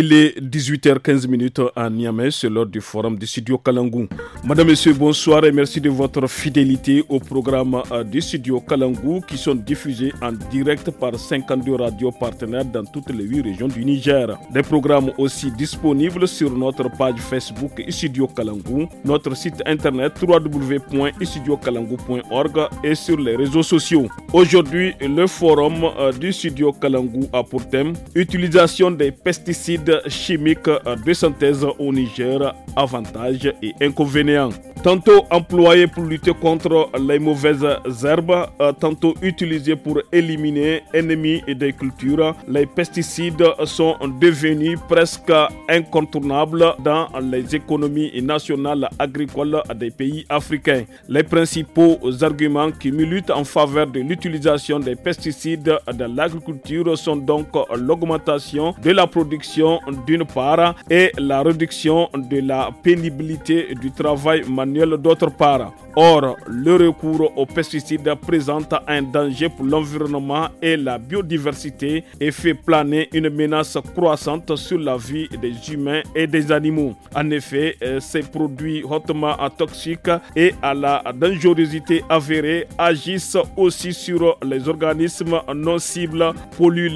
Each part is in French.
Il est 18h15 à Niamey, c'est l'heure du forum du studio Kalangou. Madame, Monsieur, bonsoir et merci de votre fidélité au programme euh, du studio Kalangou qui sont diffusés en direct par 52 radios partenaires dans toutes les 8 régions du Niger. Des programmes aussi disponibles sur notre page Facebook Studio Kalangou, notre site internet www.studiokalangou.org et sur les réseaux sociaux. Aujourd'hui, le forum euh, du studio Kalangou a pour thème Utilisation des pesticides chimiques de synthèse au Niger, avantages et inconvénients. Tantôt employés pour lutter contre les mauvaises herbes, euh, tantôt utilisés pour éliminer ennemis des cultures, les pesticides sont devenus presque incontournables dans les économies nationales agricoles des pays africains. Les principaux arguments qui militent en faveur de l'utilisation des pesticides dans l'agriculture sont donc l'augmentation de la production d'une part et la réduction de la pénibilité du travail manuel d'autre part. Or, le recours aux pesticides présente un danger pour l'environnement et la biodiversité et fait planer une menace croissante sur la vie des humains et des animaux. En effet, euh, ces produits hautement toxiques et à la dangerosité avérée agissent aussi sur les organismes non cibles, polluent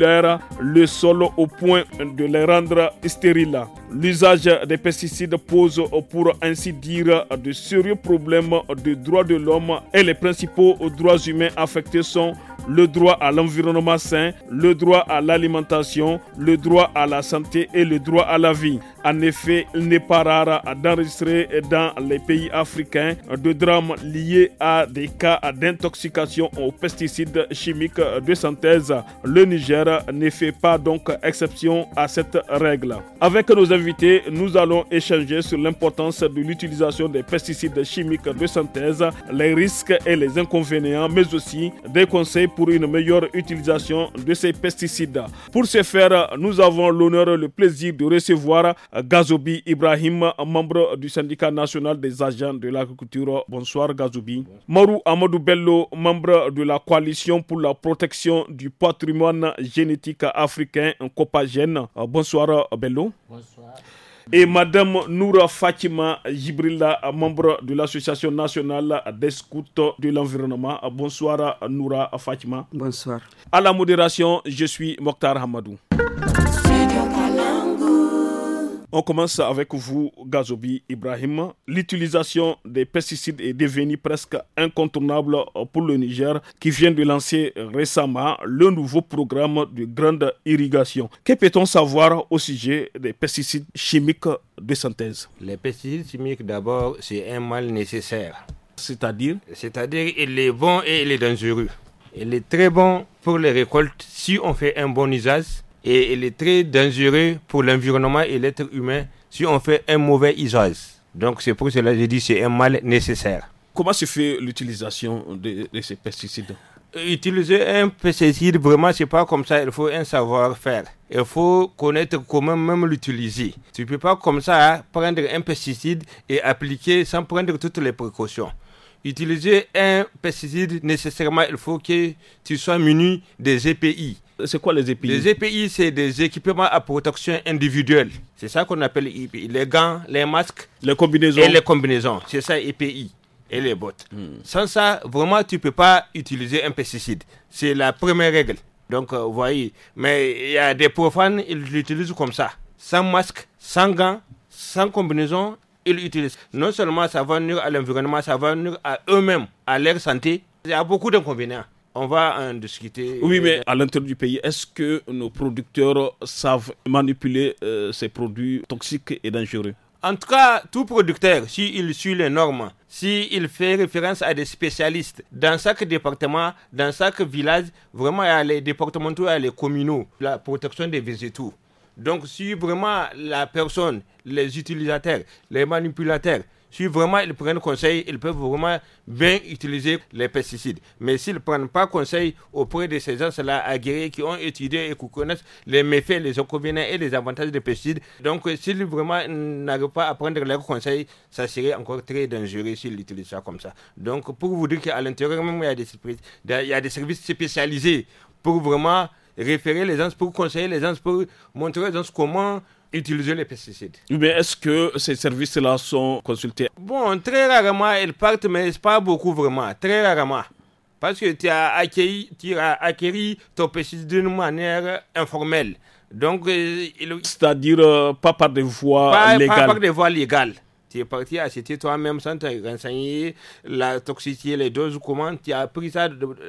le sol au point de les rendre rendre stérile. L'usage des pesticides pose pour ainsi dire de sérieux problèmes de droits de l'homme et les principaux droits humains affectés sont le droit à l'environnement sain, le droit à l'alimentation, le droit à la santé et le droit à la vie. En effet, il n'est pas rare d'enregistrer dans les pays africains de drames liés à des cas d'intoxication aux pesticides chimiques de synthèse. Le Niger ne fait pas donc exception à cette règles. Avec nos invités, nous allons échanger sur l'importance de l'utilisation des pesticides chimiques de synthèse, les risques et les inconvénients, mais aussi des conseils pour une meilleure utilisation de ces pesticides. Pour ce faire, nous avons l'honneur et le plaisir de recevoir Gazobi Ibrahim, membre du syndicat national des agents de l'agriculture. Bonsoir Gazobi. Marou Amadou Bello, membre de la coalition pour la protection du patrimoine génétique africain, Copagène. Bonsoir. Bonsoir Bello. Et Madame Noura Fatima Jibrilla, membre de l'Association nationale des de l'environnement. Bonsoir Noura Fatima. Bonsoir. À la modération, je suis Mokhtar Hamadou. On commence avec vous, Gazobi Ibrahim. L'utilisation des pesticides est devenue presque incontournable pour le Niger qui vient de lancer récemment le nouveau programme de grande irrigation. Que peut-on savoir au sujet des pesticides chimiques de synthèse Les pesticides chimiques, d'abord, c'est un mal nécessaire. C'est-à-dire C'est-à-dire il est bon et il est dangereux. Il est très bon pour les récoltes si on fait un bon usage et il est très dangereux pour l'environnement et l'être humain si on fait un mauvais usage. Donc c'est pour cela que j'ai dit c'est un mal nécessaire. Comment se fait l'utilisation de, de, ces pesticides euh, Utiliser un pesticide, vraiment, c'est pas comme ça. Il faut un savoir-faire. Il faut connaître comment même l'utiliser. Tu peux pas comme ça hein, prendre un pesticide et appliquer sans prendre toutes les précautions utiliser un pesticide, nécessairement, il faut que tu sois muni des EPI c'est quoi les EPI Les EPI, c'est des équipements à protection individuelle. C'est ça qu'on appelle EPI. Les gants, les masques. Les combinaisons. Et les combinaisons. C'est ça EPI. Et les bottes. Hmm. Sans ça, vraiment, tu ne peux pas utiliser un pesticide. C'est la première règle. Donc, euh, vous voyez. Mais il y a des profanes, ils l'utilisent comme ça. Sans masque, sans gants, sans combinaison, ils utilisent. Non seulement ça va nuire à l'environnement, ça va nuire à eux-mêmes, à leur santé. Il y a beaucoup d'inconvénients. On va en discuter. Euh, oui, mais à l'intérieur du pays, est-ce que nos producteurs savent manipuler euh, ces produits toxiques et dangereux En tout cas, tout producteur, s'il suit les normes, s'il fait référence à des spécialistes, dans chaque département, dans chaque village, vraiment, il y les départementaux, et les communaux, la protection des végétaux. Donc, si vraiment la personne, les utilisateurs, les manipulateurs, si vraiment ils prennent conseil, ils peuvent vraiment bien utiliser les pesticides. Mais s'ils ne prennent pas conseil auprès de ces gens-là aguerris qui ont étudié et qui connaissent les méfaits, les inconvénients et les avantages des pesticides, donc s'ils vraiment n'arrivent pas à prendre leurs conseils, ça serait encore très dangereux s'ils utilisent ça comme ça. Donc pour vous dire qu'à l'intérieur même, il y, a des il y a des services spécialisés pour vraiment référer les gens, pour conseiller les gens, pour montrer aux gens comment utiliser les pesticides. Mais est-ce que ces services-là sont consultés Bon, très rarement, ils partent, mais pas beaucoup vraiment, très rarement. Parce que tu as acquis, tu as acquis ton pesticide d'une manière informelle. Donc, euh, c'est-à-dire euh, pas par des voies légales. Pas par des voies légales tu es parti acheter toi-même sans te renseigner la toxicité, les doses, comment tu as pris ça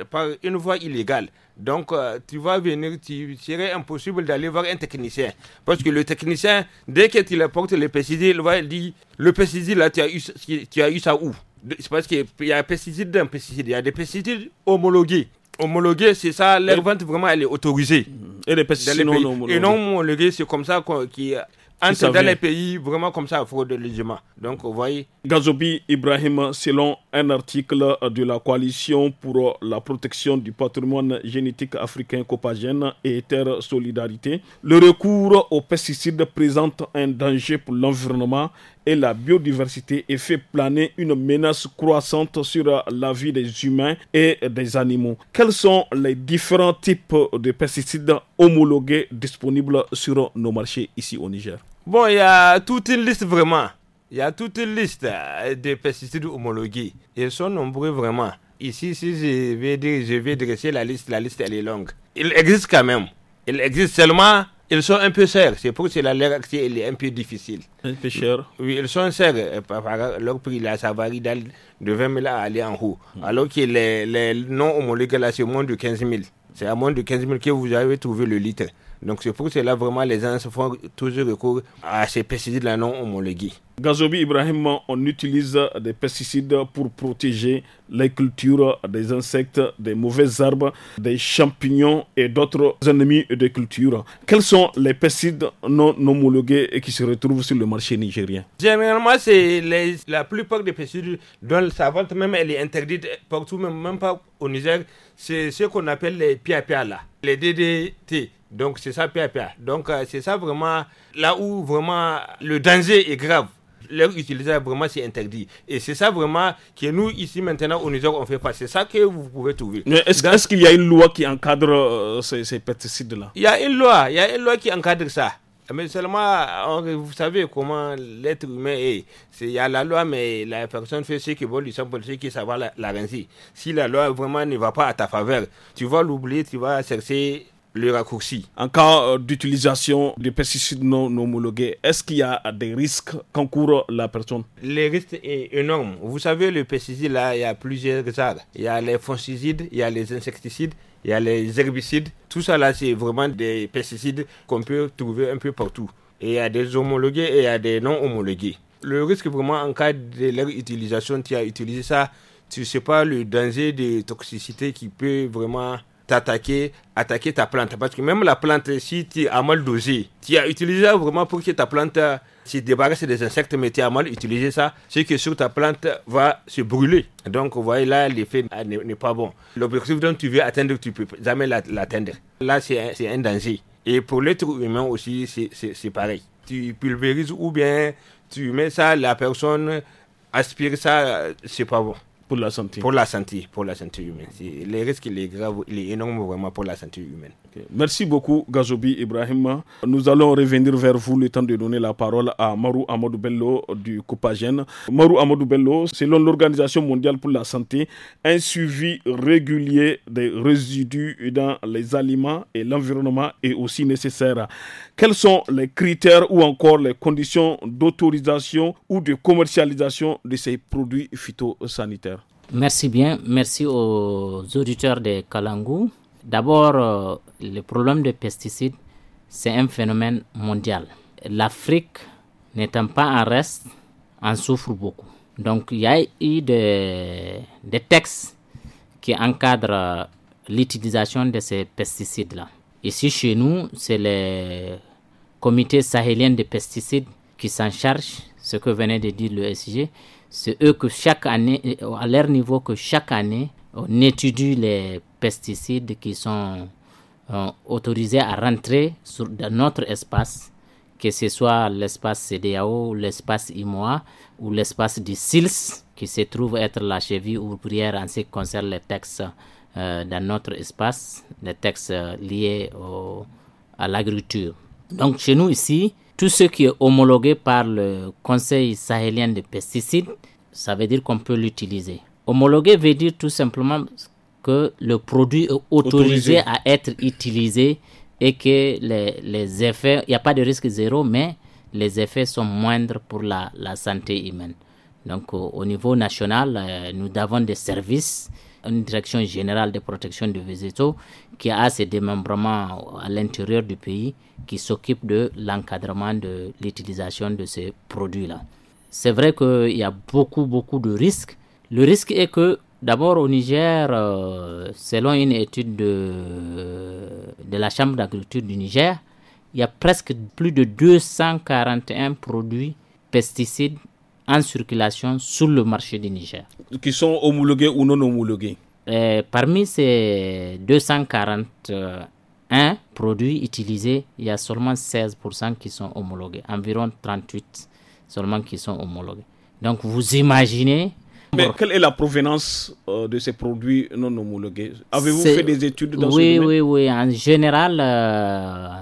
par une voie illégale. Donc, euh, tu vas venir, tu serait impossible d'aller voir un technicien. Parce que le technicien, dès que tu apporte le pesticide, il va dire, le pesticide, là, tu as eu, ça où C'est parce qu'il y a un pesticide d'un pesticide. Il y a des pesticides homologués Homologués, c'est ça, La vente vraiment elle est autorisée. Et les pesticides non homologués. non homologués, c'est comme ça qui euh, dans les pays vraiment comme ça frauduleusement. Donc, vous voyez. Gazobi Ibrahim, selon un article de la Coalition pour la protection du patrimoine génétique africain copagène et terre solidarité, le recours aux pesticides présente un danger pour l'environnement et la biodiversité et fait planer une menace croissante sur la vie des humains et des animaux. Quels sont les différents types de pesticides homologués disponibles sur nos marchés ici au Niger Bon, il y a toute une liste vraiment. Il y a toute une liste euh, de pesticides homologués. Ils sont nombreux vraiment. Ici, si je vais, je vais dresser la liste, la liste elle est longue. Ils existent quand même. Ils existent seulement, ils sont un peu chers. C'est pour cela leur accès est un peu difficile. Un peu cher Oui, ils sont chers. Euh, leur prix, la ça varie de 20 000 à aller en haut. Hmm. Alors que les, les non homologués, là, c'est moins de 15 000. C'est à moins de 15 000 que vous avez trouvé le litre. Donc c'est pour cela vraiment les gens se font toujours recours à ces pesticides-là non homologués. Gazobi Ibrahim, on utilise des pesticides pour protéger les cultures des insectes, des mauvaises arbres, des champignons et d'autres ennemis des cultures. Quels sont les pesticides non homologués qui se retrouvent sur le marché nigérien Généralement, c'est la plupart des pesticides dont sa vente même elle est interdite partout, même, pas au Niger. C'est ce qu'on appelle les pia-pia là, les DDT. Donc c'est ça pia-pia. Donc euh, c'est ça vraiment là où vraiment le danger est grave leur utilisation vraiment c'est interdit. Et c'est ça vraiment que nous ici maintenant au Niger on fait pas. C'est ça que vous pouvez trouver. Mais est-ce qu'il y a une loi qui encadre euh, ces, pesticides-là Il y a une loi, il y a une loi qui encadre ça. Mais seulement, vous savez comment l'être humain est. Il y a la loi, mais la personne fait ce qu'il veut, lui semble ce qui va la, la Si la loi vraiment ne va pas à ta faveur, tu vas l'oublier, tu vas chercher le raccourci. En cas euh, d'utilisation de pesticides non homologués, est-ce qu'il y a des risques qu'encourt la personne Le risque est énorme. Vous savez, le pesticide, là, il y a plusieurs arts. Il y a les fongicides, il y a les insecticides, il y a les herbicides. Tout ça, là, c'est vraiment des pesticides qu'on peut trouver un peu partout. Et il y a des homologués et il y a des non homologués. Le risque, vraiment, en cas de leur utilisation, tu as utilisé ça, tu ne sais pas le danger de toxicité qui peut vraiment attaquer, attaquer ta plante. Parce que même la plante, si tu as mal dosé, tu as utilisé vraiment pour que ta plante se débarrasse des insectes, mais tu as mal utilisé ça, ce que sur ta plante va se brûler. Donc, vous voyez là, l'effet n'est pas bon. L'objectif dont tu veux atteindre, tu peux jamais l'atteindre. Là, c'est un, un danger. Et pour l'être humain aussi, c'est pareil. Tu pulvérises ou bien tu mets ça, la personne aspire ça, c'est pas bon. Pour la santé. Pour la santé, humaine. Les risques, les est grave, il est énorme vraiment pour la santé humaine. Merci beaucoup, Gazobi Ibrahim. Nous allons revenir vers vous le temps de donner la parole à Marou Amadou Bello du Copagène. Marou Amadou Bello, selon l'Organisation mondiale pour la santé, un suivi régulier des résidus dans les aliments et l'environnement est aussi nécessaire. Quels sont les critères ou encore les conditions d'autorisation ou de commercialisation de ces produits phytosanitaires? Merci bien, merci aux auditeurs de Kalangu. D'abord, euh, le problème des pesticides, c'est un phénomène mondial. L'Afrique n'étant pas en reste, en souffre beaucoup. Donc il y a eu des, textes qui encadrent euh, l'utilisation de ces pesticides-là. Ici chez nous, c'est le comité sahélien des pesticides qui s'en charge, ce que venait de dire le SIG c'est eux que chaque année, euh, à leur niveau, que chaque année, on étudie les pesticides qui sont euh, autorisés à rentrer sur, dans notre espace, que ce soit l'espace CDAO, l'espace IMOA ou l'espace du SILS, qui se trouve être la cheville ouvrière en ce qui concerne les textes euh, dans notre espace, les textes liés à l'agriculture. Donc chez nous ici, tout ce qui est homologué par le Conseil sahélien de pesticides, ça veut dire qu'on peut l'utiliser. Homologué veut dire tout simplement que le produit est autorisé, à être utilisé et que les, effets, il n'y a pas de risque zéro, mais les effets sont moindres pour la, santé humaine. Donc au, niveau national, euh, nous avons des services une direction générale de protection des végétaux qui a ses démembrements à l'intérieur du pays qui s'occupe de l'encadrement de l'utilisation de ces produits-là. C'est vrai qu'il y a beaucoup, beaucoup de risques. Le risque est que, d'abord au Niger, euh, selon une étude de, de la Chambre d'agriculture du Niger, il y a presque plus de 241 produits pesticides en circulation sur le marché du Niger. Qui sont homologués ou non homologués euh, Parmi ces 241 produits utilisés, il y a seulement 16% qui sont homologués, environ 38 seulement qui sont homologués. Donc vous imaginez mais quelle est la provenance euh, de ces produits non homologués Avez-vous fait des études dans oui, ce domaine Oui, oui, En général, euh,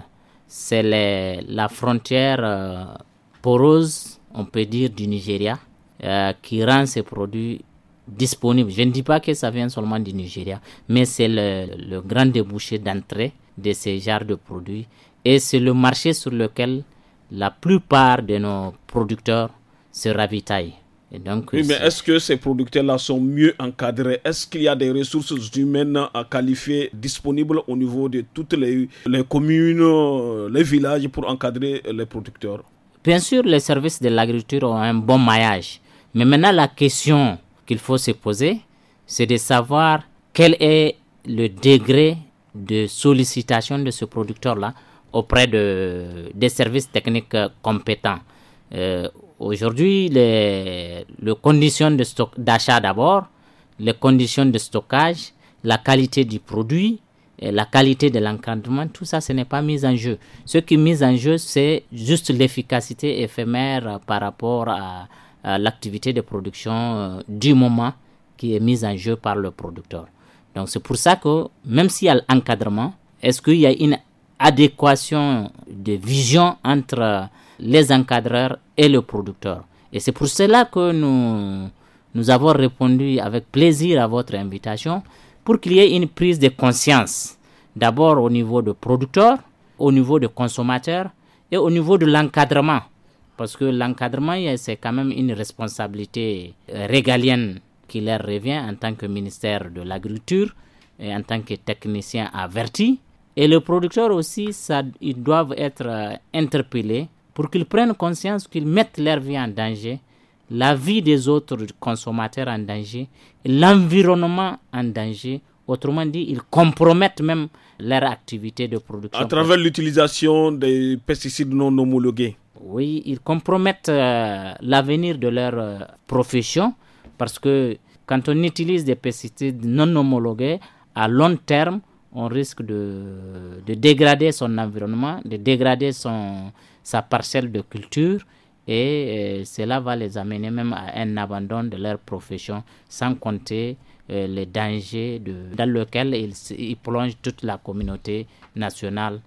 c'est la frontière porose... poreuse on peut dire, du Nigeria, euh, qui rend ces produits disponibles. Je ne dis pas que ça vient seulement du Nigeria, mais c'est le, grand débouché d'entrée de ces genres de produits. Et c'est le marché sur lequel la plupart de nos producteurs se ravitaillent. Et donc, oui, mais est-ce que ces producteurs-là sont mieux encadrés Est-ce qu'il y a des ressources humaines à euh, qualifier disponibles au niveau de toutes les communes, euh, les villages pour encadrer les producteurs Bien sûr, les services de l'agriculture ont un bon maillage, mais maintenant la question qu'il faut se poser, c'est de savoir quel est le degré de sollicitation de ce producteur-là auprès de, des services techniques compétents. Euh, aujourd'hui, les, conditions d'achat d'abord, les conditions de stockage, la qualité du produit, la qualité de l'encadrement, tout ça, ce n'est pas mis en jeu. Ce qui est mis en jeu, c'est juste l'efficacité éphémère par rapport à, l'activité de production euh, du moment qui est mise en jeu par le producteur. Donc c'est pour ça que même s'il y a l'encadrement, est-ce qu'il y a une adéquation de vision entre les encadreurs et le producteur Et c'est pour cela que nous, nous avons répondu avec plaisir à votre invitation pour qu'il y ait une prise de conscience, d'abord au niveau de producteurs, au niveau de consommateurs et au niveau de l'encadrement. Parce que l'encadrement, c'est quand même une responsabilité euh, régalienne qui leur revient en tant que ministère de l'Agriculture et en tant que technicien averti. Et les producteurs aussi, ça, ils doivent être euh, interpellés pour qu'ils prennent conscience qu'ils mettent leur vie en danger la vie des autres consommateurs en danger, l'environnement en danger. Autrement dit, ils compromettent même leur activité de production. À travers l'utilisation des pesticides non homologués. Oui, ils compromettent euh, l'avenir de leur euh, profession parce que quand on utilise des pesticides non homologués, à long terme, on risque de, de dégrader son environnement, de dégrader son, sa parcelle de culture et euh, cela va les amener même à un abandon de leur profession, sans compter euh, les dangers dans lesquels ils, ils plongent toute la communauté nationale,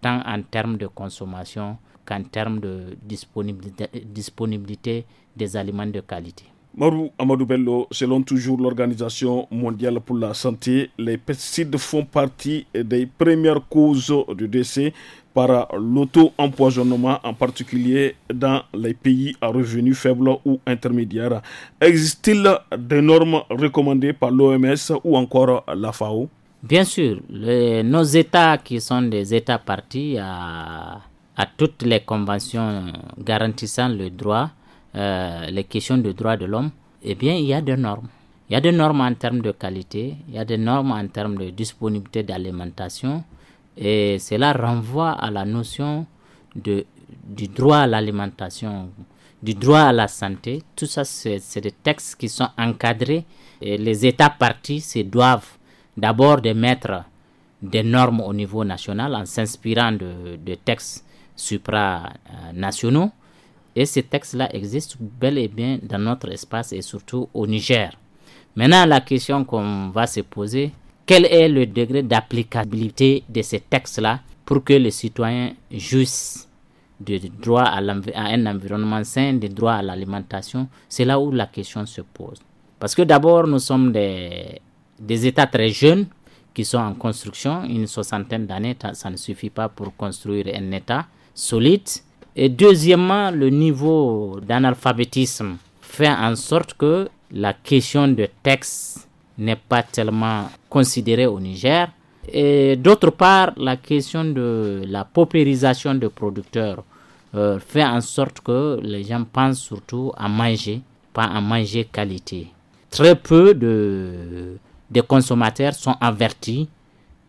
tant en termes de consommation qu'en termes de disponibilité des aliments de qualité. Marou Amadou Bello, selon toujours l'Organisation mondiale pour la santé, les pesticides font partie des premières causes de décès par l'auto-empoisonnement, en particulier dans les pays à revenus faibles ou intermédiaires. Existe-t-il des normes recommandées par l'OMS ou encore la FAO Bien sûr, nos États qui sont des États partis à, à toutes les conventions garantissant le droit euh, les questions de droits de l'homme, eh bien, il y a des normes. Il y a des normes en termes de qualité, il y a des normes en termes de disponibilité d'alimentation, et cela renvoie à la notion de, du droit à l'alimentation, du droit à la santé. Tout ça, c'est des textes qui sont encadrés, et les États partis se doivent d'abord de mettre des normes au niveau national en s'inspirant de, de, textes supranationaux euh, et ces textes-là existent bel et bien dans notre espace et surtout au Niger. Maintenant, la question qu'on va se poser, quel est le degré d'applicabilité de ces textes-là pour que les citoyens jouissent du droit à, un environnement sain, du droit à l'alimentation C'est là où la question se pose. Parce que d'abord, nous sommes des, des États très jeunes qui sont en construction. Une soixantaine d'années, ça ne suffit pas pour construire un État solide. Et deuxièmement, le niveau d'analphabétisme fait en sorte que la question de texte n'est pas tellement considérée au Niger. Et d'autre part, la question de la paupérisation des producteurs euh, fait en sorte que les gens pensent surtout à manger, pas à manger qualité. Très peu de, consommateurs sont avertis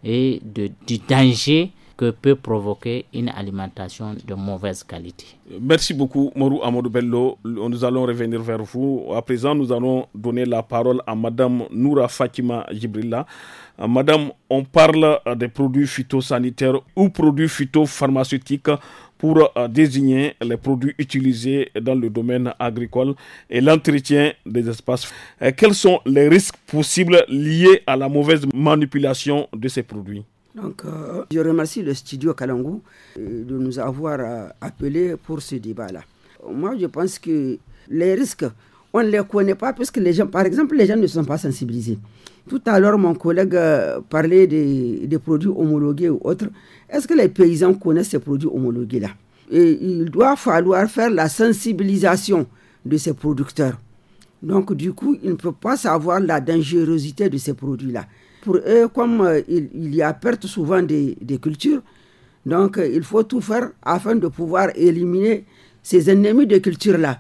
et du danger que peut provoquer une alimentation de mauvaise qualité. Merci beaucoup, Mourou Amadou Bello. Nous allons revenir vers vous. À présent, nous allons donner la parole à Madame Noura Fatima Gibrilla. Euh, Madame, on parle euh, des produits phytosanitaires ou produits phytopharmaceutiques pour euh, désigner les produits utilisés dans le domaine agricole et l'entretien des espaces. Quels sont les risques possibles liés à la mauvaise manipulation de ces produits donc, euh, je remercie le studio Kalangou euh, de nous avoir euh, appelés pour ce débat-là. Moi, je pense que les risques, on ne les connaît pas parce que les gens, par exemple, les gens ne sont pas sensibilisés. Tout à l'heure, mon collègue parlait des, des produits homologués ou autres. Est-ce que les paysans connaissent ces produits homologués-là il doit falloir faire la sensibilisation de ces producteurs. Donc, du coup, ils ne peuvent pas savoir la dangerosité de ces produits-là pour eux, comme euh, il, y a perte souvent des, cultures, donc euh, il faut tout faire afin de pouvoir éliminer ces ennemis de culture-là.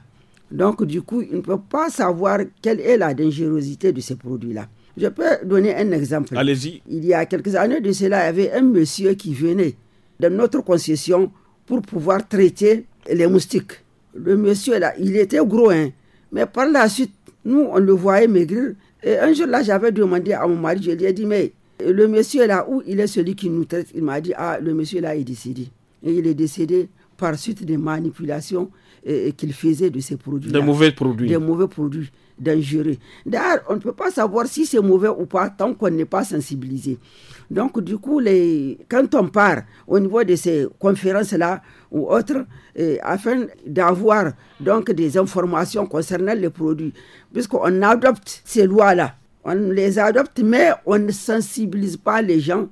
Donc du coup, ils ne peut pas savoir quelle est la dangerosité de ces produits-là. Je peux donner un exemple. Allez-y. Il y a quelques années de cela, il y avait un monsieur qui venait de notre concession pour pouvoir traiter les moustiques. Le monsieur, là, il était gros, hein, mais par la suite, nous, on le voyait maigrir, euh, un jour là, j'avais demandé à mon mari, je lui ai dit, mais euh, le monsieur là, où il est celui qui nous traite Il m'a dit, ah, le monsieur là est décédé. Et il est décédé par suite des manipulations euh, qu'il faisait de ses produits. Des mauvais produits. Des mauvais produits dangereux. D'ailleurs, on ne peut pas savoir si c'est mauvais ou pas tant qu'on n'est pas sensibilisé. Donc, du coup, les, quand on part au niveau de ces conférences-là ou autres, eh, afin d'avoir donc des informations concernant les produits, puisqu'on adopte ces lois-là, on les adopte, mais on ne sensibilise pas les gens.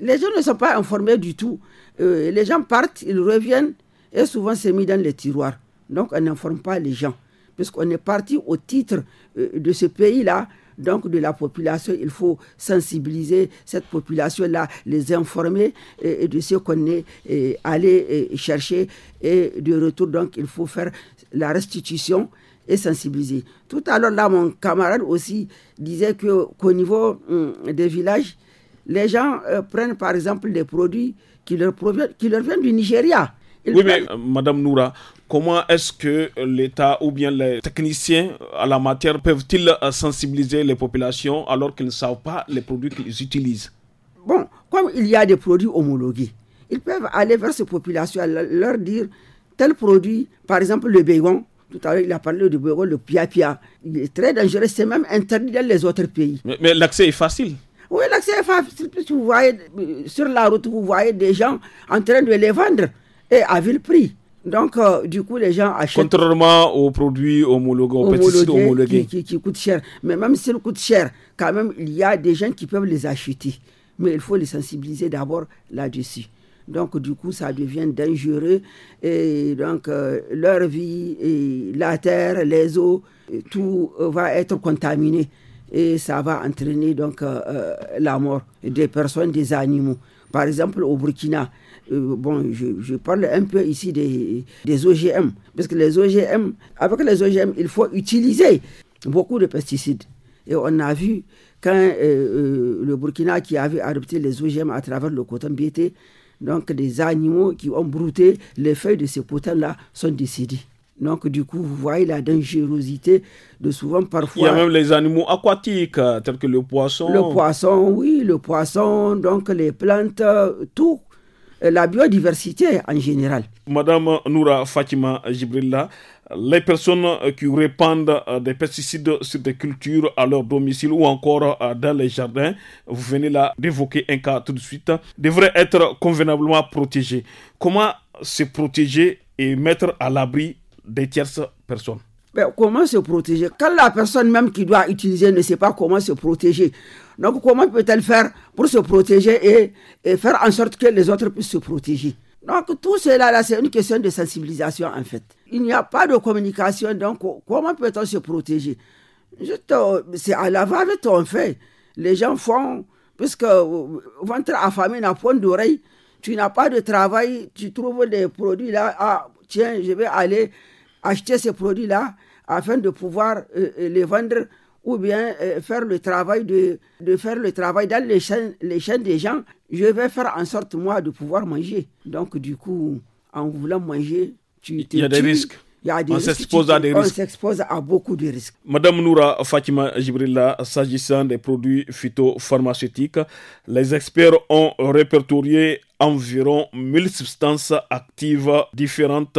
Les gens ne sont pas informés du tout. Euh, les gens partent, ils reviennent et souvent c'est mis dans les tiroirs. Donc, on n'informe pas les gens puisqu'on est parti au titre euh, de ce pays-là. Donc de la population, il faut sensibiliser cette population-là, les informer et de ce qu'on est euh, allé euh, chercher. Et de retour, donc, il faut faire la restitution et sensibiliser. Tout à l'heure, là, mon camarade aussi disait que qu'au niveau hum, des villages, les gens prennent par exemple des produits qui leur, qui leur viennent du Nigeria. Oui, mais euh, Madame Noura, comment est-ce que l'État ou bien les techniciens à la matière peuvent-ils euh, sensibiliser les populations alors qu'ils ne savent pas les produits qu'ils utilisent Bon, comme il y a des produits homologués, ils peuvent aller vers ces populations, leur dire tel produit, par exemple le bégon, tout à l'heure, il a parlé du bégon, le pia-pia. Il est très dangereux, c'est même interdit dans les autres pays. mais, l'accès est facile. Oui, l'accès est facile. Vous voyez, euh, sur la route, vous voyez des gens en train de les vendre et à vil prix. Donc, euh, du coup, les gens achètent. Contrairement aux produits homologués, aux pesticides homologués. Qui, coûtent cher. Mais même s'ils coûtent cher, quand même, il y a des gens qui peuvent les acheter. Mais il faut les sensibiliser d'abord là-dessus. Donc, du coup, ça devient dangereux. Et donc, euh, leur vie, et la terre, les eaux, tout euh, va être contaminé. Et ça va entraîner donc la mort des personnes, des animaux. Par exemple, au Burkina, euh, bon, je, je, parle un peu ici des, des OGM, parce que les OGM, avec les OGM, il faut utiliser beaucoup de pesticides. Et on a vu quand euh, euh, le Burkina qui avait adopté les OGM à travers le coton biété, donc des animaux qui ont brouté les feuilles de ces potins-là sont décédés. Donc, du coup, vous voyez la dangerosité de souvent parfois. Il y a même les animaux aquatiques, tels que le poisson. Le poisson, oui, le poisson, donc les plantes, tout euh, la biodiversité en général. Madame Noura Fatima Gibrilla, les personnes qui répandent euh, des pesticides sur des cultures à leur domicile ou encore euh, dans les jardins, vous venez là d'évoquer un cas tout de suite, devraient être convenablement protégées. Comment se protéger et mettre à l'abri des tierces personnes comment se protéger Quand la personne même qui doit utiliser ne sait pas comment se protéger, donc comment peut-elle faire pour se protéger et, faire en sorte que les autres puissent se protéger Donc tout cela, là, c'est une question de sensibilisation en fait. Il n'y a pas de communication, donc comment peut-on se protéger euh, C'est à la va on fait. Les gens font, puisque euh, ventre affamé n'a point d'oreille, tu n'as pas de travail, tu trouves des produits là, ah, tiens, je vais aller acheter ces produits-là afin de pouvoir euh, euh, les vendre ou bien euh, faire le travail de, de, faire le travail dans les chaînes, les chaînes des gens. Je vais faire en sorte, moi, de pouvoir manger. Donc, du coup, en voulant manger, tu Il y a des risques on s'expose à beaucoup de risques. Madame Noura Fatima Jibrilla, s'agissant des produits phytopharmaceutiques, les experts ont répertorié environ 1000 substances actives différentes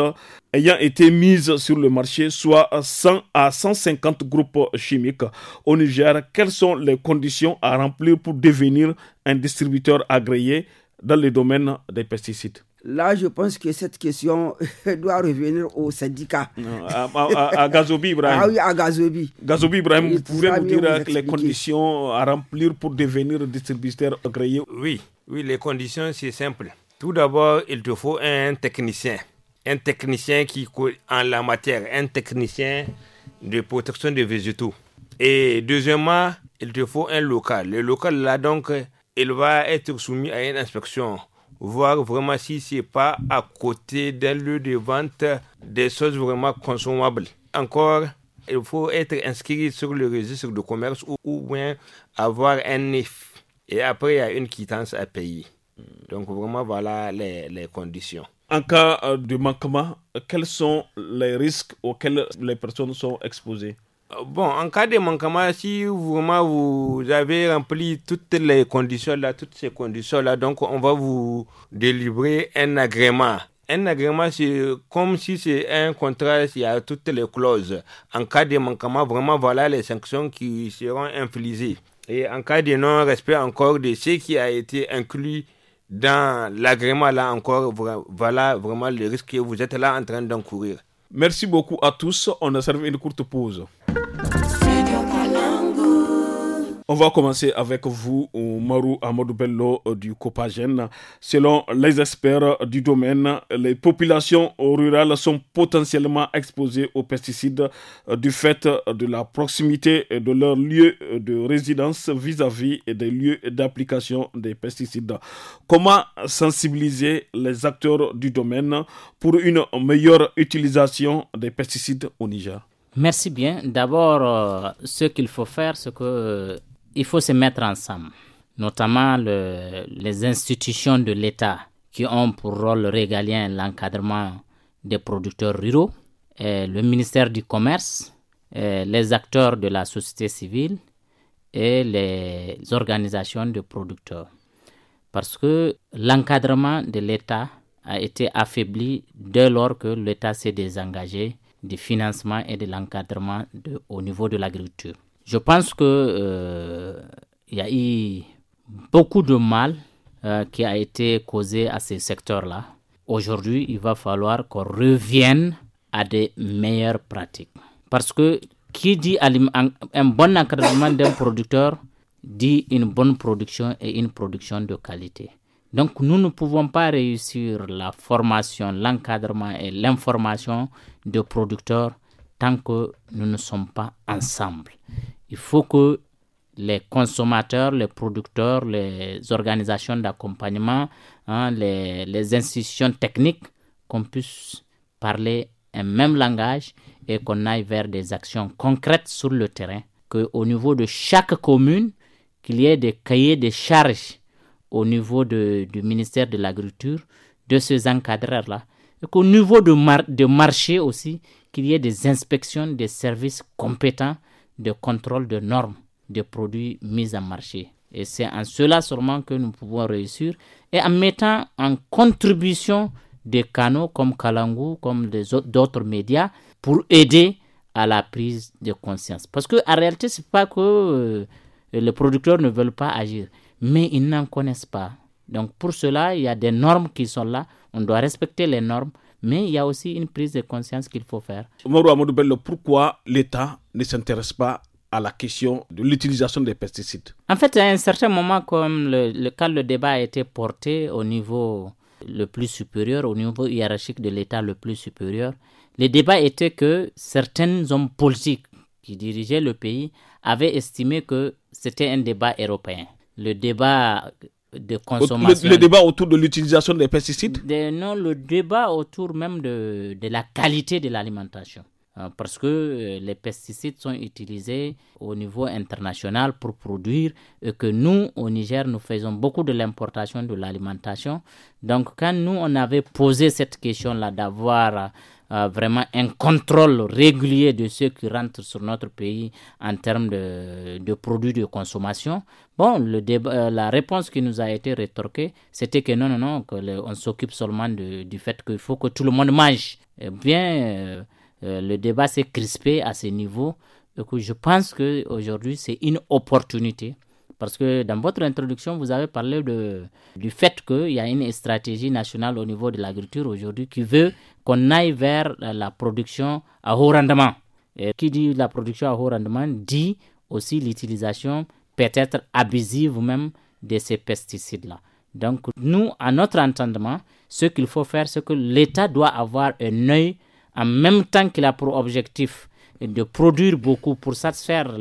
ayant été mises sur le marché, soit 100 à 150 groupes chimiques. Au Niger, quelles sont les conditions à remplir pour devenir un distributeur agréé dans le domaine des pesticides Là, je pense que cette question doit revenir au syndicat. à, Gazobi ah Ibrahim. Ah oui, à Gazobi. Gazobi Ibrahim, vous pouvez nous dire euh, les conditions à remplir pour devenir distributeur agréé Oui, oui, les conditions, c'est simple. Tout d'abord, il te faut un technicien. Un technicien qui, en la matière, un technicien de protection des végétaux. Et deuxièmement, il te faut un local. Le local, là, donc, il va être soumis à une inspection voir vraiment si c'est pas à côté d'un lieu de vente des choses vraiment consommables. Encore, il faut être inscrit sur le registre de commerce ou, ou avoir un NIF. Et après, il y a une quittance à payer. Donc vraiment, voilà les conditions. En cas euh, de manquement, quels sont les risques auxquels les personnes sont exposées Bon, en cas de manquement, si vraiment vous avez rempli toutes les conditions là, toutes ces conditions là, donc on va vous délivrer un agrément. Un agrément, c'est comme si c'est un contrat, il y a toutes les clauses. En cas de manquement, vraiment, voilà les sanctions qui seront infligées. Et en cas de non-respect encore de ce qui a été inclus dans l'agrément, là encore, voilà vraiment le risque que vous êtes là en train d'encourir. Merci beaucoup à tous. On a servi une courte pause. On va commencer avec vous, euh, Maru Amadou Bello euh, du Copagène. Selon les experts euh, du domaine, les populations rurales sont potentiellement exposées aux pesticides du fait de la proximité de leur lieu de résidence vis-à-vis des lieux d'application des pesticides. Comment sensibiliser les acteurs du domaine pour une meilleure utilisation des pesticides au Niger Merci bien. D'abord, ce qu'il faut faire, c'est que il faut se mettre ensemble, notamment les institutions de l'État qui ont pour rôle régalien l'encadrement des producteurs ruraux, le ministère du Commerce, les acteurs de la société civile et les organisations de producteurs. Parce que l'encadrement de l'État a été affaibli dès lors que l'État s'est désengagé du financement et de l'encadrement au niveau de l'agriculture. Je pense que euh, y a eu beaucoup de mal euh, qui a été causé à ces secteurs-là. Aujourd'hui, il va falloir qu'on revienne à des meilleures pratiques. Parce que qui dit un bon encadrement d'un producteur dit une bonne production et une production de qualité. Donc nous ne pouvons pas réussir la formation, l'encadrement et l'information de producteurs tant que nous ne sommes pas ensemble il faut que les consommateurs, les producteurs, les organisations d'accompagnement, hein, les, institutions techniques, qu'on puisse parler un même langage et qu'on aille vers des actions concrètes sur le terrain, qu'au niveau de chaque commune, qu'il y ait des cahiers de charges au niveau du ministère de l'Agriculture, de ces encadreurs-là, et qu'au niveau de, de marché aussi, qu'il y ait des inspections des services compétents de contrôle de normes des produits mis en marché. Et c'est en cela seulement que nous pouvons réussir et en mettant en contribution des canaux comme Kalangu, comme d'autres médias pour aider à la prise de conscience. Parce qu'en réalité, ce n'est pas que euh, les producteurs ne veulent pas agir, mais ils n'en connaissent pas. Donc pour cela, il y a des normes qui sont là. On doit respecter les normes mais il y a aussi une prise de conscience qu'il faut faire. Moro Amadou Bello, pourquoi l'État ne s'intéresse pas à la question de l'utilisation des pesticides En fait, à un certain moment, comme le, quand le débat a été porté au niveau le plus supérieur, au niveau hiérarchique de l'État le plus supérieur, le débat était que certains hommes politiques qui dirigeaient le pays avaient estimé que c'était un débat européen. Le débat de consommation. Le, débat autour de l'utilisation des pesticides Non, le débat autour même de, de la qualité de l'alimentation. Euh, parce que euh, les pesticides sont utilisés au niveau international pour produire et que nous, au Niger, nous faisons beaucoup de l'importation de l'alimentation. Donc, quand nous, on avait posé cette question-là d'avoir euh, vraiment un contrôle régulier de ceux qui rentrent sur notre pays en termes de, de produits de consommation. Bon, le euh, la réponse qui nous a été rétorquée, c'était que non, non, non, que on s'occupe seulement du fait qu'il faut que tout le monde mange. Eh bien, euh, le débat s'est crispé à ce niveau. Donc, je pense qu'aujourd'hui, c'est une opportunité parce que dans votre introduction, vous avez parlé de, du fait qu'il y a une stratégie nationale au niveau de l'agriculture aujourd'hui qui veut qu'on aille vers la production à haut rendement. Et qui dit la production à haut rendement dit aussi l'utilisation peut-être abusive même de ces pesticides-là. Donc nous, à notre entendement, ce qu'il faut faire, c'est que l'État doit avoir un œil en même temps qu'il a pour objectif de produire beaucoup pour satisfaire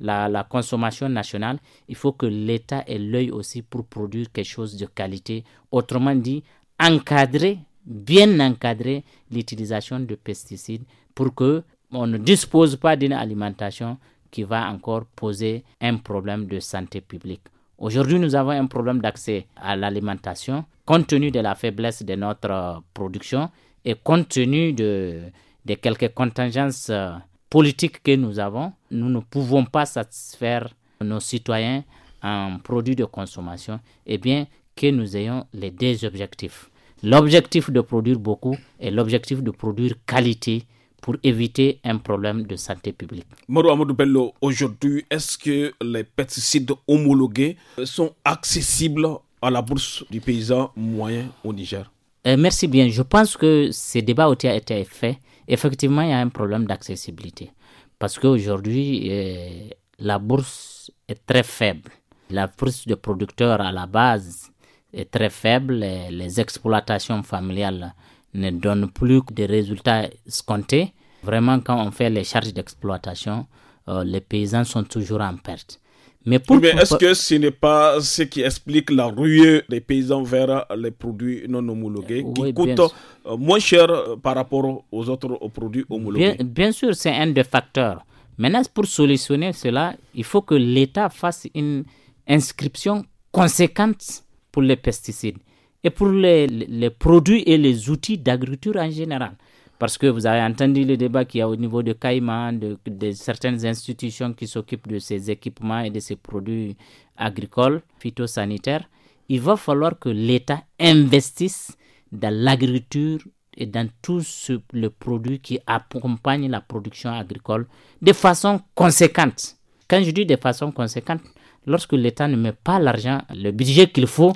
la, la, consommation nationale, il faut que l'État ait l'œil aussi pour produire quelque chose de qualité. Autrement dit, encadrer, bien encadrer l'utilisation de pesticides pour que on ne dispose pas d'une alimentation qui va encore poser un problème de santé publique. Aujourd'hui, nous avons un problème d'accès à l'alimentation compte tenu de la faiblesse de notre euh, production et compte tenu de, de quelques contingences euh, politiques que nous avons, nous ne pouvons pas satisfaire nos citoyens en produits de consommation, et eh bien que nous ayons les deux objectifs. L'objectif de produire beaucoup et l'objectif de produire qualité pour éviter un problème de santé publique. Moro Amadou Bello, aujourd'hui, est-ce que les pesticides homologués sont accessibles à la bourse du paysan moyen au Niger euh, Merci bien. Je pense que ce débat a été fait Effectivement, il y a un problème d'accessibilité. Parce qu'aujourd'hui, eh, la bourse est très faible. La bourse de producteurs à la base est très faible. Eh, les exploitations familiales ne donnent plus que des résultats escomptés. Vraiment, quand on fait les charges d'exploitation, euh, les paysans sont toujours en perte. Mais, est-ce que ce n'est pas ce qui explique la ruée des paysans vers les produits non homologués qui coûtent euh, moins cher euh, par rapport aux autres produits homologués Bien, sûr, c'est un des facteurs. Maintenant, pour solutionner cela, il faut que l'État fasse une inscription conséquente pour les pesticides et pour les produits et les outils d'agriculture en général parce que vous avez entendu le débat qu'il y a au niveau de Caïman, de, certaines institutions qui s'occupent de ces équipements et de ces produits agricoles, phytosanitaires. Il va falloir que l'État investisse dans l'agriculture et dans tous les produits qui accompagnent la production agricole de façon conséquente. Quand je dis de façon conséquente, lorsque l'État ne met pas l'argent, le budget qu'il faut,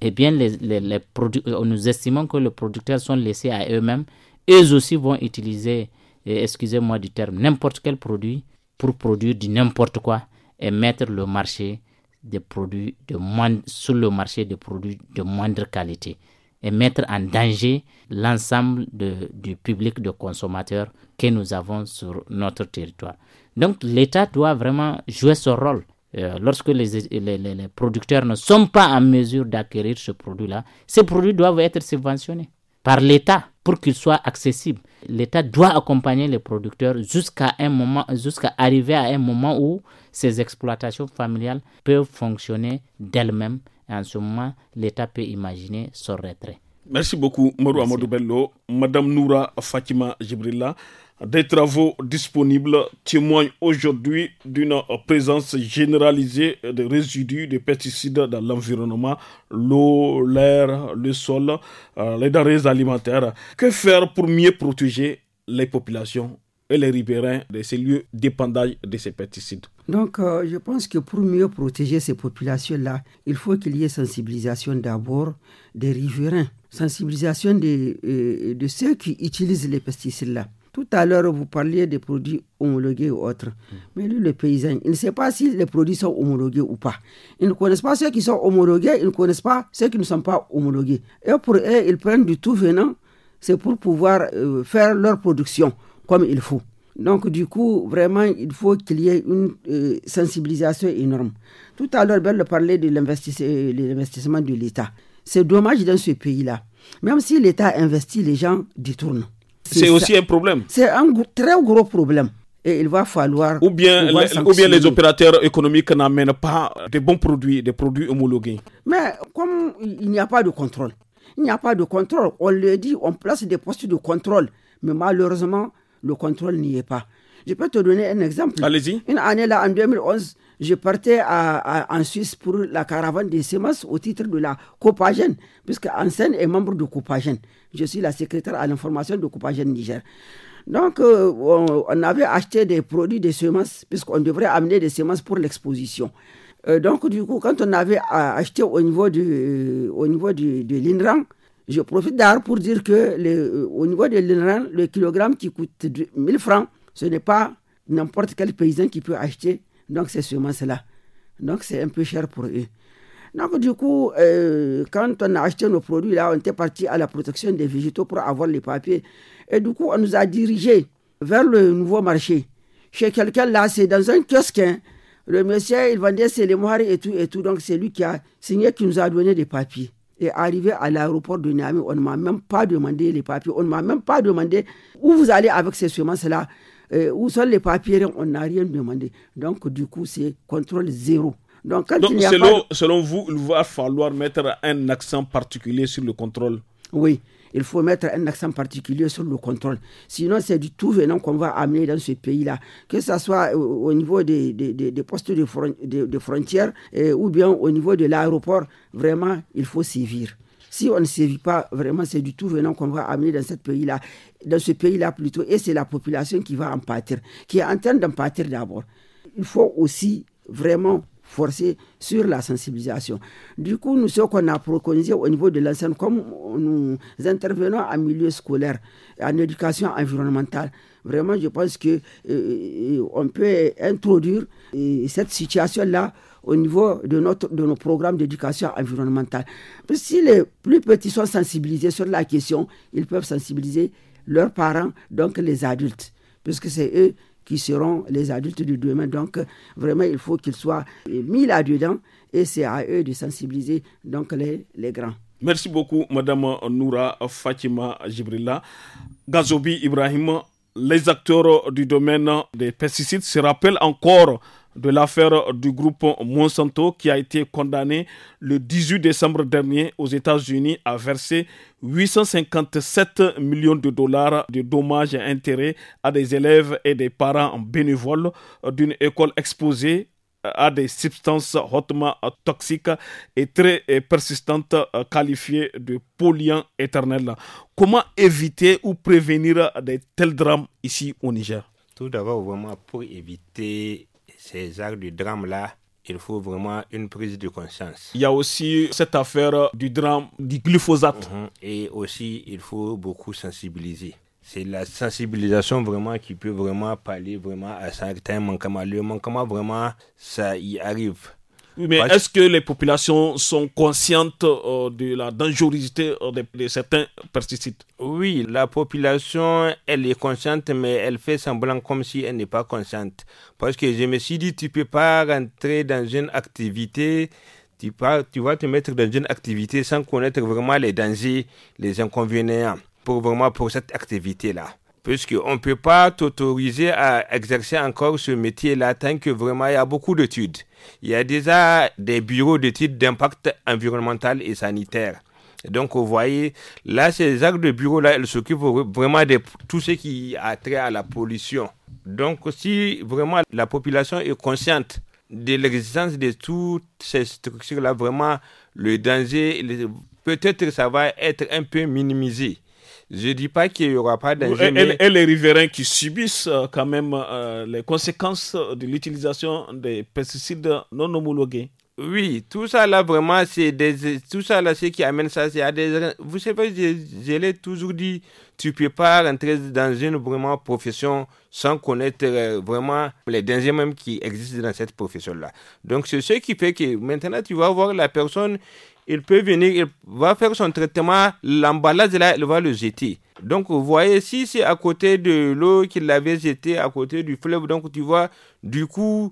eh bien, les, euh, nous estimons que les producteurs sont laissés à eux-mêmes eux aussi vont utiliser, eh, excusez-moi du terme, n'importe quel produit pour produire du n'importe quoi et mettre le marché des produits de moindre, sur le marché des produits de moindre qualité et mettre en danger l'ensemble du public de consommateurs que nous avons sur notre territoire. Donc l'État doit vraiment jouer son rôle. Euh, lorsque les, les, producteurs ne sont pas en mesure d'acquérir ce produit-là, ces produits doivent être subventionnés par l'État pour qu'il soit accessible. L'État doit accompagner les producteurs jusqu'à un moment, jusqu'à arriver à un moment où ces exploitations familiales peuvent fonctionner d'elles-mêmes. Et en ce moment, l'État peut imaginer son retrait. Merci beaucoup, Marou Amadou Bello, Madame Noura Fatima Jibrilla des travaux disponibles témoignent aujourd'hui d'une présence généralisée de résidus de pesticides dans l'environnement, l'eau, l'air, le sol, euh, les denrées alimentaires. Que faire pour mieux protéger les populations et les riverains de ces lieux dépendants de ces pesticides. Donc, euh, je pense que pour mieux protéger ces populations-là, il faut qu'il y ait sensibilisation d'abord des riverains, sensibilisation de euh, ceux qui utilisent les pesticides-là. Tout à l'heure, vous parliez des produits homologués ou autres. Mais lui, le paysan, il ne sait pas si les produits sont homologués ou pas. Ils ne connaissent pas ceux qui sont homologués, ils ne connaissent pas ceux qui ne sont pas homologués. Et pour eux, ils prennent du tout venant, c'est pour pouvoir euh, faire leur production comme il faut. Donc, du coup, vraiment, il faut qu'il y ait une euh, sensibilisation énorme. Tout à l'heure, Belle parlait de l'investissement de l'État. C'est dommage dans ce pays-là. Même si l'État investit, les gens détournent. C'est aussi un problème. C'est un très gros problème. Et il va falloir. Ou bien, ou bien les opérateurs économiques n'amènent pas de bons produits, des produits homologués. Mais comme il n'y a pas de contrôle, il n'y a pas de contrôle. On le dit, on place des postes de contrôle. Mais malheureusement, le contrôle n'y est pas. Je peux te donner un exemple. Allez-y. Une année là, en 2011, je partais en Suisse pour la caravane des semences au titre de la Copagène, puisque Ansen est membre de Copagène. Je suis la secrétaire à l'information de Copagène Niger. Donc, euh, on, avait acheté des produits des semences, puisqu'on devrait amener des semences pour l'exposition. Euh, donc, du coup, quand on avait euh, acheté au niveau, du, au niveau de l'INRAN, je profite d'ailleurs pour dire que le, au niveau de l'INRAN, le kilogramme qui coûte 1000 francs, ce n'est pas n'importe quel paysan qui peut acheter donc ces semences-là. Donc c'est un peu cher pour eux. Donc du coup, euh, quand on a acheté nos produits, là, on était parti à la protection des végétaux pour avoir les papiers. Et du coup, on nous a dirigés vers le nouveau marché. Chez quelqu'un là, c'est dans un kiosque. Hein. Le monsieur, il vendait ses lémoires et tout, et tout. Donc c'est lui qui a signé, qui nous a donné des papiers. Et arrivé à l'aéroport de Niamey, on ne m'a même pas demandé les papiers, on ne m'a même pas demandé où vous allez avec ces semences-là. Euh, où sont les papiers, on n'a rien demandé. Donc, du coup, c'est contrôle zéro. Donc, quand il y a selon, selon vous, il va falloir mettre un accent particulier sur le contrôle Oui, il faut mettre un accent particulier sur le contrôle. Sinon, c'est du tout venant qu'on va amener dans ce pays-là, que ce soit euh, au niveau des, des, des postes de, frontières, euh, ou bien au niveau de l'aéroport. Vraiment, il faut sévir. Si on ne sévit pas, vraiment, c'est du tout venant qu'on va amener dans, ce pays -là, dans ce pays-là plutôt. Et c'est la population qui va en pâtir, qui est en train d'en pâtir d'abord. Il faut aussi vraiment forcer sur la sensibilisation. Du coup, nous, ce qu'on a préconisé au niveau de l'enseignement, comme nous intervenons en milieu scolaire, en éducation environnementale, vraiment, je pense que euh, euh, on peut introduire euh, cette situation-là au niveau de, notre, de nos programmes d'éducation environnementale. si les plus petits sont sensibilisés sur la question, ils peuvent sensibiliser leurs parents, donc les adultes, puisque c'est eux qui seront les adultes du demain. Donc, vraiment, il faut qu'ils soient mis là-dedans et c'est à eux de sensibiliser donc les, les grands. Merci beaucoup, Madame Noura Fatima Jibrilla. Gazobi Ibrahim, les acteurs du domaine des pesticides se rappellent encore de l'affaire du groupe Monsanto qui a été condamné le 18 décembre dernier aux États-Unis à verser 857 millions de dollars de dommages et intérêts à des élèves et des parents bénévoles d'une école exposée à des substances hautement toxiques et très persistantes qualifiées de polluants éternels. Comment éviter ou prévenir de tels drames ici au Niger Tout d'abord, vraiment pour éviter ces actes du drame-là, il faut vraiment une prise de conscience. Il y a aussi cette affaire du drame du glyphosate. Mhm. Et aussi, il faut beaucoup sensibiliser. C'est la sensibilisation vraiment qui peut vraiment parler vraiment à certains manquements. Le manquement vraiment, ça y arrive mais est-ce que les populations sont conscientes euh, de la dangerosité euh, de, certains pesticides Oui, la population, elle est consciente, mais elle fait semblant comme si elle n'est pas consciente. Parce que je me suis dit, tu ne peux pas rentrer dans une activité tu, vas te mettre dans une activité sans connaître vraiment les dangers, les inconvénients pour vraiment pour cette activité-là puisqu'on ne peut pas t'autoriser à exercer encore ce métier-là tant que vraiment il y a beaucoup d'études. Il y a déjà des bureaux d'études d'impact environnemental et sanitaire. Donc, vous voyez, là, ces actes de bureau-là, elles s'occupent vraiment de tout ce qui a trait à la pollution. Donc, si vraiment la population est consciente de l'existence de toutes ces structures-là, vraiment, le danger, peut-être ça va être un peu minimisé. Je ne dis pas qu'il n'y aura pas d'ingénieurs. Et, les riverains qui subissent euh, quand même euh, les conséquences de l'utilisation des pesticides non homologués. Oui, tout ça là vraiment, c'est des, tout ça là, ce qui amène ça, c'est des, vous savez, je, l'ai toujours dit, tu peux pas rentrer dans une vraiment profession sans connaître euh, vraiment les dangers même qui existent dans cette profession là. Donc c'est ce qui fait que maintenant tu vas voir la personne il peut venir, il va faire son traitement, l'emballage là, il va le jeter. Donc, vous voyez, si c'est à côté de l'eau qu'il avait jeté, à côté du fleuve, donc tu vois, du coup,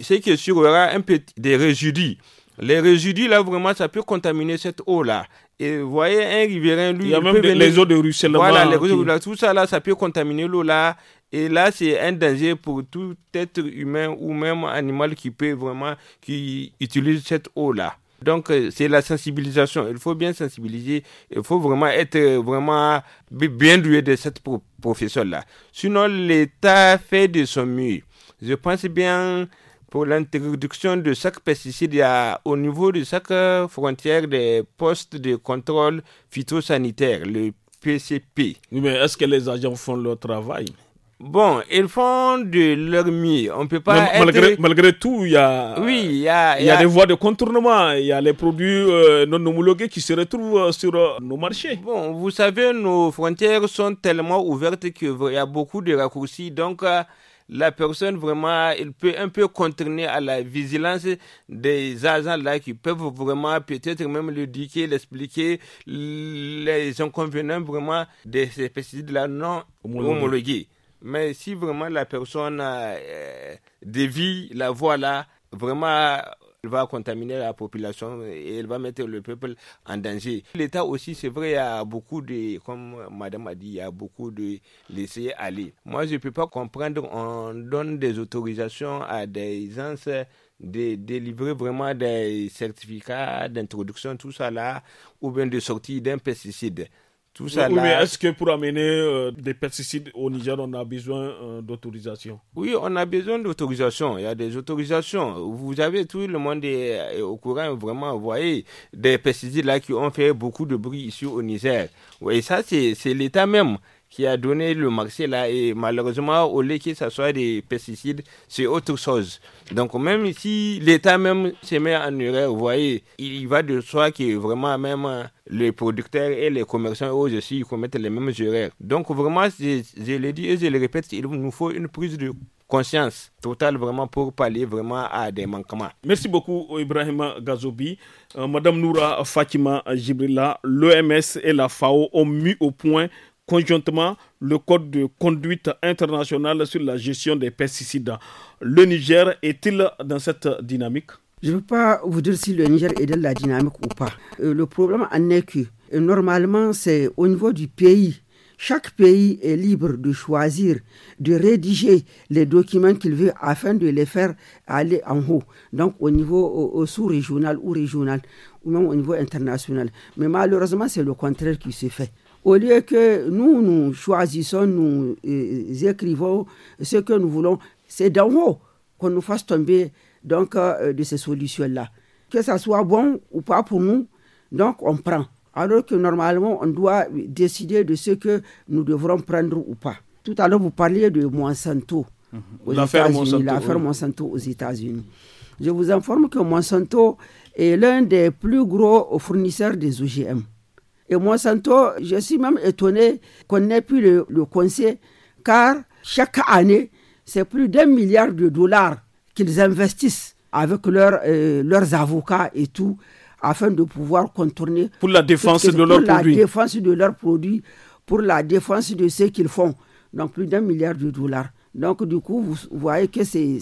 c'est que y aura un peu des résidus. Les résidus, là, vraiment, ça peut contaminer cette eau-là. Et vous voyez, un riverain, lui, il y a même les eaux de ruissellement. Voilà, les eaux de tout ça, là, ça peut contaminer l'eau, là. Et là, c'est un danger pour tout être humain ou même animal qui peut vraiment, qui utilise cette eau-là. Donc euh, c'est la sensibilisation. Il faut bien sensibiliser. Il faut vraiment être euh, vraiment bien doué de cette profession-là. Sinon, l'État fait de son mieux. Je pense bien pour l'introduction de chaque pesticide, à au niveau de chaque euh, frontière des postes de contrôle phytosanitaire, le PCP. mais est-ce que les agents font leur travail Bon, ils font de leur mieux. On peut pas. Être... Malgré, tout, il y a. Oui, il y a. des voies de contournement. Il y a les produits euh, non homologués qui se retrouvent euh, sur euh, nos marchés. Bon, vous savez, nos frontières sont tellement ouvertes qu'il y a beaucoup de raccourcis. Donc, la personne vraiment, il peut un peu contourner à la vigilance des agents là qui peuvent vraiment peut-être même lui dire, l'expliquer les inconvénients vraiment de ces pesticides là non homologués. Mais si vraiment la personne euh, dévie la voie là, vraiment, elle va contaminer la population et elle va mettre le peuple en danger. L'État aussi, c'est vrai, il y a beaucoup de, comme Madame a dit, il y a beaucoup de laisser aller. Moi, je ne peux pas comprendre, on donne des autorisations à des gens de délivrer vraiment des certificats d'introduction, tout ça là, ou bien de sortie d'un pesticide oui, mais est-ce que pour amener euh, des pesticides au Niger, on a besoin euh, d'autorisation Oui, on a besoin d'autorisation. Il y a des autorisations. Vous avez tout le monde est au courant, vraiment, vous voyez, des pesticides là qui ont fait beaucoup de bruit ici au Niger. Oui, ça, c'est l'État même qui a donné le marché là. Et malheureusement, au lieu que ce soit des pesticides, c'est autre chose. Donc, même si l'État même se met en erreur, vous voyez, il va de soi que vraiment même euh, les producteurs et les commerçants eux aussi commettent les mêmes erreurs. Donc, vraiment, je, je l'ai dit et je le répète, il nous faut une prise de conscience totale vraiment pour parler vraiment à des manquements. Merci beaucoup Ibrahima Gazobi. Euh, Madame Noura Fatima Gibrila, l'OMS et la FAO ont mis au point conjointement le Code de conduite internationale sur la gestion des pesticides. Le Niger est-il dans cette dynamique Je ne veux pas vous dire si le Niger est dans la dynamique ou pas. Euh, le problème en est que euh, normalement, c'est au niveau du pays. Chaque pays est libre de choisir, de rédiger les documents qu'il veut afin de les faire aller en haut, donc au niveau sous-régional ou régional, ou même au niveau international. Mais malheureusement, c'est le contraire qui se fait au lieu que nous, nous choisissons, nous euh, écrivons ce que nous voulons, c'est d'en haut qu'on nous fasse tomber donc, euh, de ces solutions-là. Que ça soit bon ou pas pour nous, donc on prend. Alors que normalement, on doit décider de ce que nous devrons prendre ou pas. Tout à l'heure, vous parliez de Monsanto. Mm-hmm. L'affaire Monsanto, Monsanto aux États-Unis. Je vous informe que Monsanto est l'un des plus gros fournisseurs des OGM. Et Monsanto, je suis même étonné qu'on n'ait plus le, le conseil, car chaque année, c'est plus d'un milliard de dollars qu'ils investissent avec euh, leurs avocats et tout, afin de pouvoir contourner. Pour la défense de leurs produits. Pour la défense de leurs produits, pour la défense de ce qu'ils font. Donc plus d'un milliard de dollars. Donc du coup, vous voyez que c'est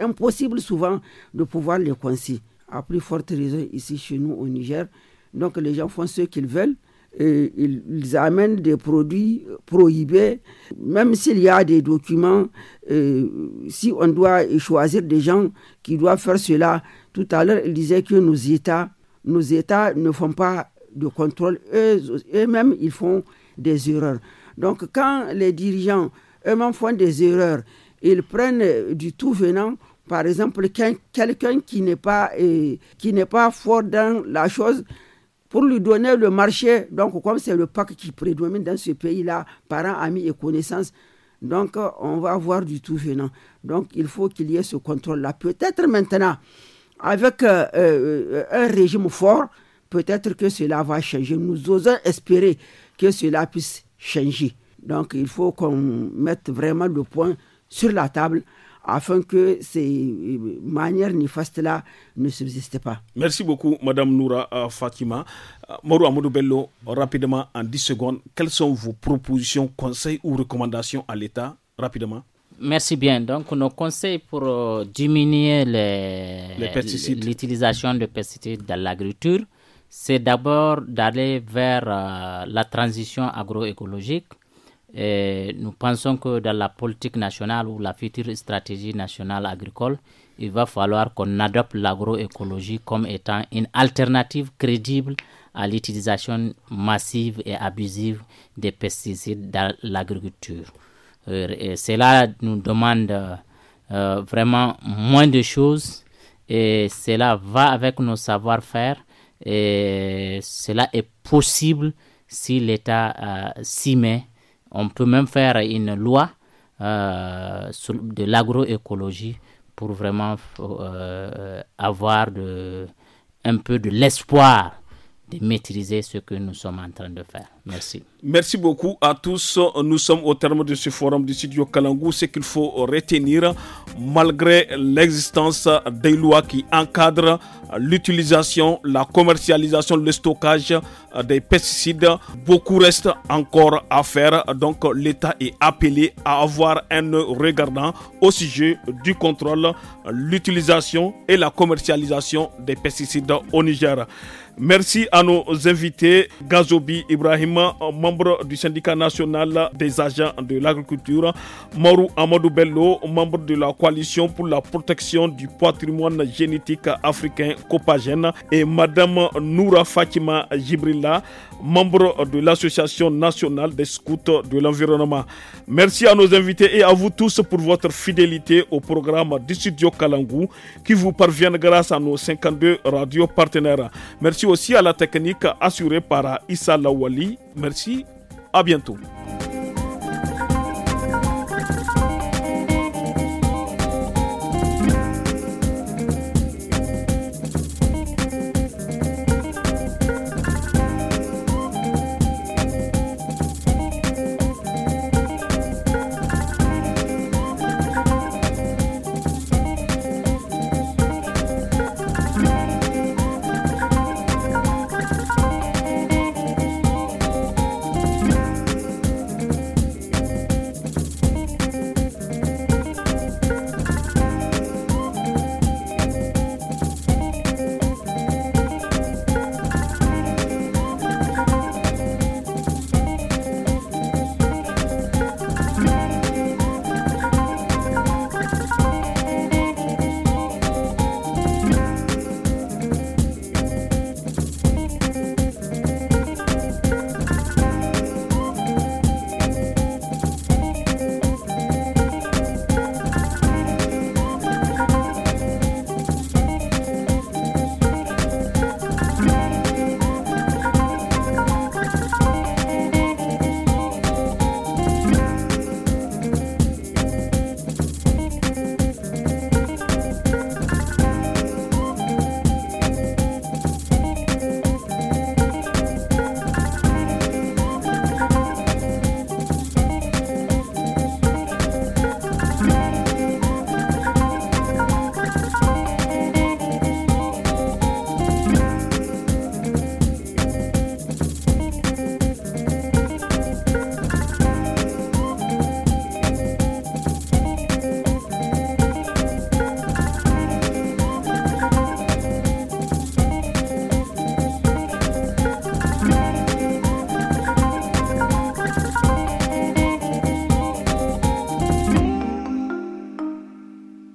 impossible souvent de pouvoir les conseiller. À plus forte raison ici chez nous au Niger, donc les gens font ce qu'ils veulent. ils, amènent des produits prohibés, même s'il y a des documents, euh, si on doit choisir des gens qui doivent faire cela. Tout à l'heure, il disait que nos États, nos États ne font pas de contrôle, eux-mêmes, ils font des erreurs. Donc quand les dirigeants eux-mêmes font des erreurs, ils prennent du tout venant, par exemple, quelqu'un qui n'est pas, euh, pas fort dans la chose, pour lui donner le marché. Donc, comme c'est le PAC qui prédomine dans ce pays-là, parents, amis et connaissances, donc euh, on va avoir du tout venant. Donc, il faut qu'il y ait ce contrôle-là. Peut-être maintenant, avec euh, euh, un régime fort, peut-être que cela va changer. Nous osons espérer que cela puisse changer. Donc, il faut qu'on mette vraiment le point sur la table afin que ces euh, manières néfastes-là ne subsistent pas. Merci beaucoup, Madame Noura euh, Fatima. Euh, Mauro Amadou Bello, rapidement, en 10 secondes, quelles sont vos propositions, conseils ou recommandations à l'État, rapidement Merci bien. Donc, nos conseils pour diminuer l'utilisation les, de pesticides dans l'agriculture, c'est d'abord d'aller vers la transition agroécologique nous pensons que dans la politique nationale ou la future stratégie nationale agricole, il va falloir qu'on adopte l'agroécologie comme étant une alternative crédible à l'utilisation massive et abusive des pesticides dans l'agriculture. Euh, cela nous demande euh, vraiment moins de choses et cela va avec nos savoir-faire et cela est possible si l'État euh, s'y met on peut même faire une loi euh, de l'agroécologie pour vraiment euh, euh, avoir de, un peu de l'espoir de maîtriser ce que nous sommes en train de faire. Merci. Merci beaucoup à tous. Nous sommes au terme de ce forum du studio Kalangou. Ce qu'il faut retenir, malgré l'existence des lois qui encadrent l'utilisation, la commercialisation, le stockage des pesticides, beaucoup reste encore à faire. Donc l'État est appelé à avoir un regardant au sujet du contrôle, l'utilisation et la commercialisation des pesticides au Niger. Merci à nos invités, Gazobi Ibrahim. Euh, membre du syndicat national des agents de l'agriculture, Marou Amadou Bello, membre de la coalition pour la protection du patrimoine génétique africain Copagène, et Madame Noura Fatima Gibrilla, membre de l'Association nationale des scouts de l'environnement. Merci à nos invités et à vous tous pour votre fidélité au programme du studio Kalangou qui vous parvient grâce à nos 52 radios partenaires. Merci aussi à la technique assurée par Issa Lawali Merci, à bientôt.